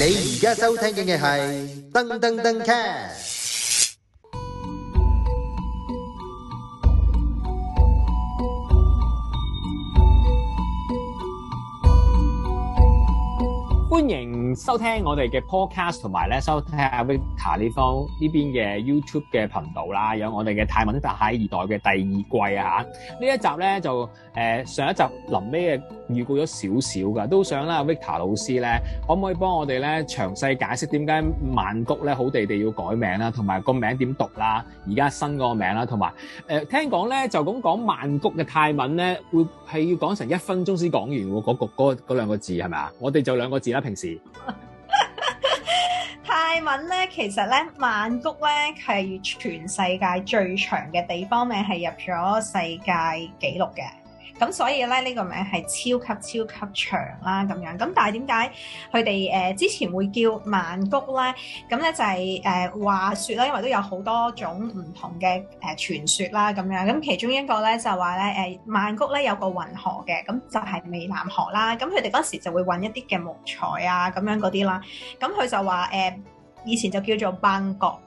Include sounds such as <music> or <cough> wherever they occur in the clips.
你而家收聽嘅係燈登登 cast 歡迎收聽我哋嘅 podcast，同埋咧收聽阿 Vita 呢方呢邊嘅 YouTube 嘅頻道啦。有我哋嘅泰文特下二代嘅第二季啊，吓呢一集咧就誒、呃、上一集臨尾嘅預告咗少少噶，都想啦 Vita 老師咧可唔可以幫我哋咧詳細解釋點解曼谷咧好地哋要改名啦，同埋個名點讀啦，而家新個名啦，同埋誒聽講咧就咁講曼谷嘅泰文咧會係要講成一分鐘先講完喎，嗰個兩個字係咪啊？我哋就兩個字啦。 <laughs> 泰文咧，其實咧，曼谷咧係全世界最長嘅地方名，係入咗世界紀錄嘅。咁所以咧，呢、這個名係超級超級長啦，咁樣。咁但係點解佢哋誒之前會叫曼谷咧？咁咧就係、是、誒、呃、話説啦，因為都有好多種唔同嘅誒傳說啦，咁樣。咁其中一個咧就話咧誒曼谷咧有個運河嘅，咁就係湄南河啦。咁佢哋嗰時就會揾一啲嘅木材啊，咁樣嗰啲啦。咁佢就話誒、呃、以前就叫做班國，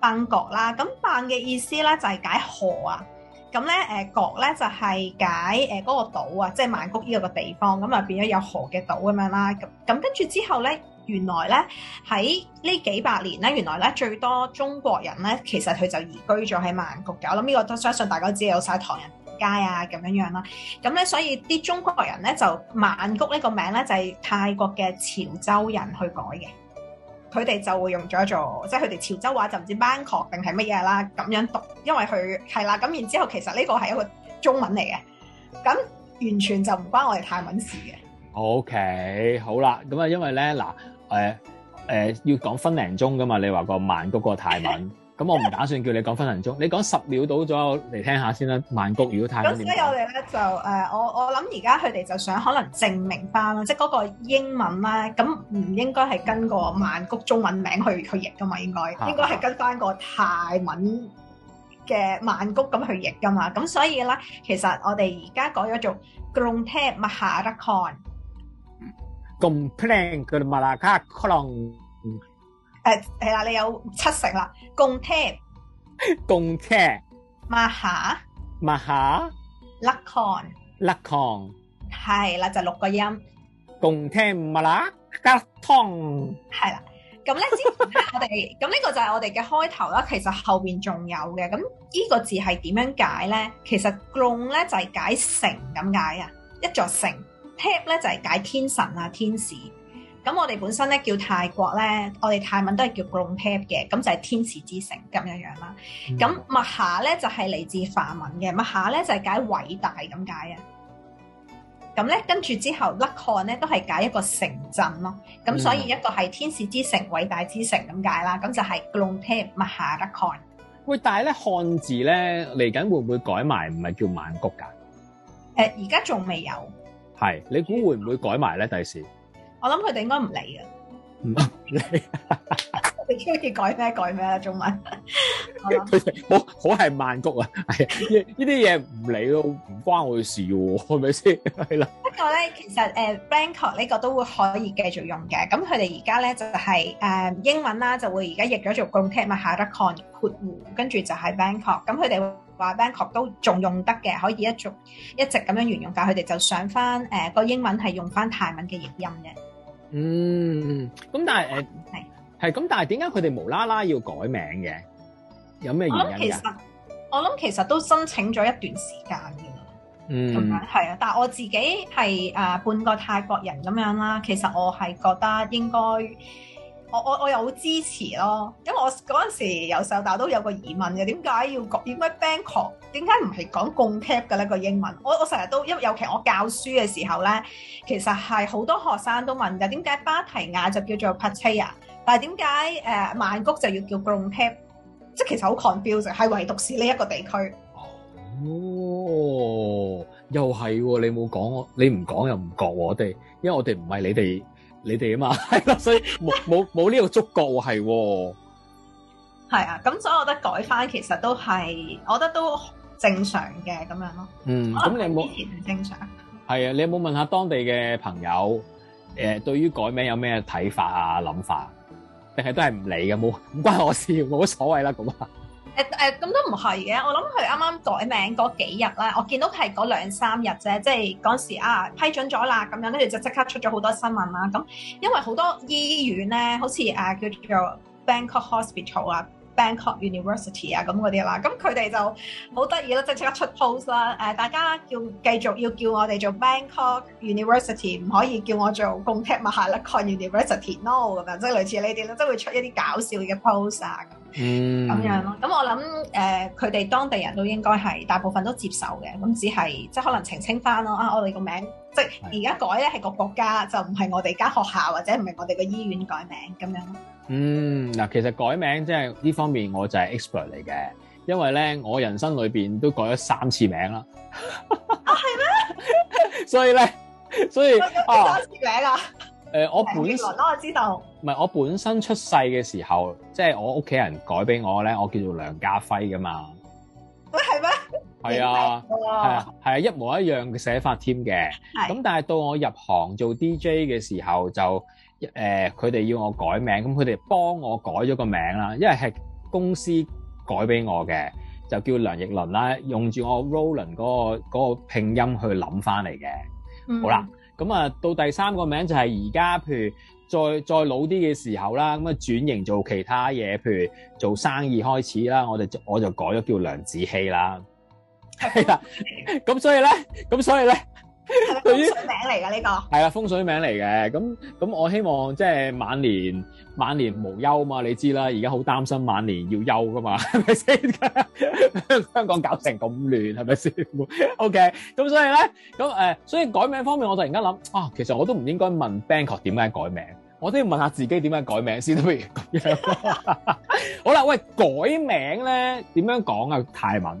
班國啦。咁班嘅意思咧就係、是、解河啊。咁咧，誒、嗯、國咧就係、是、解誒嗰個島啊，即係曼谷呢個地方咁啊，變咗有河嘅島咁樣啦。咁咁跟住之後咧，原來咧喺呢幾百年咧，原來咧最多中國人咧，其實佢就移居咗喺曼谷嘅。我諗呢個都相信大家知有晒唐人街啊，咁樣樣啦。咁咧，所以啲中國人咧就曼谷呢個名咧就係泰國嘅潮州人去改嘅。佢哋就會用咗做，即係佢哋潮州話就唔知 Bangkok 定係乜嘢啦，咁樣讀，因為佢係啦，咁然之後其實呢個係一個中文嚟嘅，咁完全就唔關我哋泰文事嘅。OK，好啦，咁啊，因為咧嗱，誒、呃、誒、呃呃、要講分零鐘噶嘛，你話個曼谷個泰文。 <laughs> 咁我唔打算叫你講分分鐘，你講十秒到咗嚟聽下先啦。曼谷如果太，咁所以我哋咧就誒，我我諗而家佢哋就想可能證明翻，即係嗰個英文咧，咁唔應該係跟個曼谷中文名去去譯噶嘛？應該應該係跟翻個泰文嘅曼谷咁去譯噶嘛？咁所以咧，其實我哋而家改咗做 Krung Thep Mahanakhon，Complain Gomadakon。誒係啦，你有七成啦，共聽，共車，馬哈，馬哈，Lakon，Lakon，係啦，就六個音，共聽唔係啦，加通，係啦，咁咧先，我哋咁呢個就係我哋嘅開頭啦。其實後邊仲有嘅，咁呢個字係點樣解咧？其實共咧就係解城咁解啊，一座城。tep 咧就係解天神啊，天使。咁我哋本身咧叫泰國咧，我哋泰文都係叫 Glompet 嘅，咁就係天使之城咁樣樣啦。咁、嗯、麥下咧就係、是、嚟自梵文嘅，麥下咧就係、是、解偉大咁解啊。咁咧跟住之後，Luckon 咧都係解一個城鎮咯。咁所以一個係天使之城，嗯、偉大之城咁解啦。咁就係 Glompet Maca Luckon。但係咧漢字咧嚟緊會唔會改埋唔係叫曼谷㗎？誒、呃，而家仲未有。係，你估會唔會改埋咧？第時？我諗佢哋應該唔理嘅，唔理你中意改咩改咩啦。中文佢 <laughs> <laughs> 好好係曼谷啊，係呢啲嘢唔理咯，唔關我事喎、啊，係咪先係啦？不過咧，其實誒、uh, Bangkok 呢個都會可以繼續用嘅。咁佢哋而家咧就係、是、誒、uh, 英文啦、啊，就會而家譯咗做共聽咪下得 con 括弧，跟住就係 Bangkok。咁佢哋話 Bangkok 都仲用得嘅，可以一續一直咁樣沿用。但佢哋就上翻誒個英文係用翻泰文嘅譯音嘅。嗯，咁但係誒，係、呃，係，咁但係點解佢哋無啦啦要改名嘅？有咩原因？其實，我諗其實都申請咗一段時間嘅。嗯，咁樣係啊，但係我自己係誒、呃、半個泰國人咁樣啦，其實我係覺得應該。我我我又好支持咯，因為我嗰陣時由細到大都有個疑問嘅，點解要講點解 Bangkok？點解唔係講共 tap 嘅呢個英文？我我成日都因為尤其我教書嘅時候咧，其實係好多學生都問㗎，點解芭提亞就叫做 Pattaya？但係點解誒曼谷就要叫共 tap？即係其實好 confused，係唯獨是呢一個地區。哦，又係喎、哦！你冇講喎，你唔講又唔覺喎、啊。我哋因為我哋唔係你哋。你哋啊嘛，係啦，所以冇冇冇呢個觸覺，係，係啊，咁所以我覺得改翻其實都係，我覺得都正常嘅咁樣咯。嗯，咁你有冇？以前唔正常。係啊，你有冇問下當地嘅朋友？誒，對於改名有咩睇法啊、諗法？定係都係唔理嘅，冇唔關我事，冇乜所謂啦，咁啊。誒誒，咁、欸欸、都唔係嘅，我諗佢啱啱改名嗰幾日咧，我見到佢係嗰兩三日啫，即係嗰時啊批准咗啦，咁樣跟住就即刻出咗好多新聞啦。咁因為好多醫院咧，好似誒、啊、叫做 Bangkok Hospital 啊。Bangkok University 啊，咁嗰啲啦，咁佢哋就好得意啦，即係即刻出 post 啦。誒、呃，大家叫繼續要叫我哋做 Bangkok University，唔可以叫我做 Gongtap Mahalakorn University，no 咁樣，即係類似呢啲啦，即係會出一啲搞笑嘅 post 啊，咁樣咯。咁、嗯嗯、我諗誒，佢、呃、哋當地人都應該係大部分都接受嘅，咁只係即係可能澄清翻咯。啊，我哋個名。即係而家改咧，係個國家就唔係我哋間學校或者唔係我哋個醫院改名咁樣。咯。嗯，嗱，其實改名即係呢方面，我就係 expert 嚟嘅，因為咧我人生裏邊都改咗三次名啦。 <laughs> 啊係咩？ <laughs> 所以咧，所以、啊、三次名啊，誒、呃，我本來咯，我知道，唔係我本身出世嘅時候，即係我屋企人改俾我咧，我叫做梁家輝噶嘛。喂，係咩？係啊，係啊，係啊，一模一樣嘅寫法添嘅。咁是但係到我入行做 DJ 嘅時候就，就誒佢哋要我改名，咁佢哋幫我改咗個名啦，因為係公司改俾我嘅，就叫梁奕倫啦，用住我 Roland l、嗰、嗰、個嗰個拼音去諗翻嚟嘅。嗯、好啦，咁、嗯、啊到第三個名就係而家，譬如再再老啲嘅時候啦，咁啊轉型做其他嘢，譬如做生意開始啦，我哋我就改咗叫梁子希啦。係啦，咁所以咧，咁所以咧，對於名嚟嘅呢個係啦，風水名嚟嘅，咁咁我希望即係晚年晚年無憂啊嘛，你知啦，而家好擔心晚年要休噶嘛，係咪先？香港搞成咁亂，係咪先？OK，咁所以咧，咁誒，所以改名方面，我突然間諗啊，其實我都唔應該問 Bangkok 點解改名，我都要問下自己點解改名先，不如咁樣。好啦，喂，改名咧點樣講啊？泰文。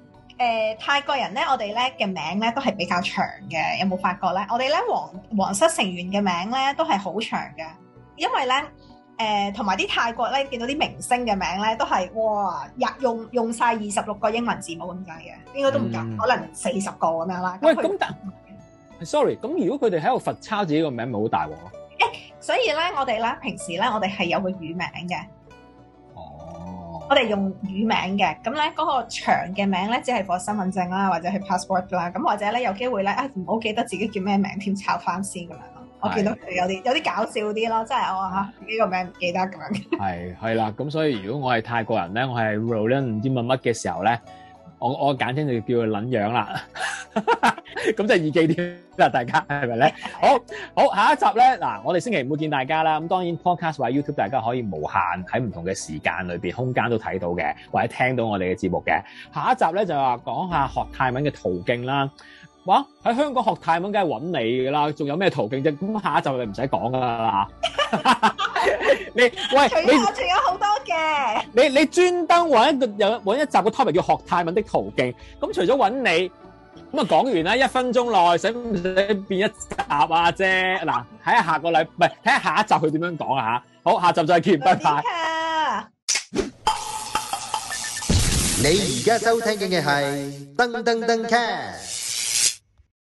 誒、呃，泰國人咧，我哋咧嘅名咧都係比較長嘅，有冇發覺咧？我哋咧皇皇室成員嘅名咧都係好長嘅，因為咧誒，同埋啲泰國咧見到啲明星嘅名咧都係哇，日用用晒二十六個英文字母咁解嘅，應該都唔夠，嗯、可能四十個咁樣啦。喂，咁但 sorry 咁如果佢哋喺度罰抄自己個名，咪好大鑊誒，所以咧，我哋咧平時咧，我哋係有個乳名嘅。我哋用語名嘅，咁咧嗰個長嘅名咧，只係放身份證啦，或者係 passport 啦，咁或者咧有機會咧，啊唔好記得自己叫咩名添，抄翻先咁樣咯。是我見到佢有啲有啲搞笑啲咯，即係我話吓呢個名唔記得咁。係係啦，咁所以如果我係泰國人咧，我係 Roland 唔知乜乜嘅時候咧。我我簡稱就叫佢撚 <laughs> 樣啦，咁即係易記啲啦，大家係咪咧？好好，下一集咧，嗱，我哋星期五會見大家啦。咁當然 Podcast 或 YouTube 大家可以無限喺唔同嘅時間裏邊、空間都睇到嘅，或者聽到我哋嘅節目嘅。下一集咧就話講下學泰文嘅途徑啦。哇，喺香港學泰文梗係揾你噶啦，仲有咩途徑啫？咁下一集 <laughs> <laughs> 你唔使講噶啦。你喂，除咗仲有好多。嘅 Okay.，你你專登揾個有揾一集個 topic 叫學泰文的途徑，咁除咗揾你，咁啊講完啦，一分鐘內使唔使變一集啊啫？嗱，睇下下個禮，唔係睇下下一集佢點樣講啊吓？好，下集再見，拜拜。你而家收聽緊嘅係噔噔噔 cast。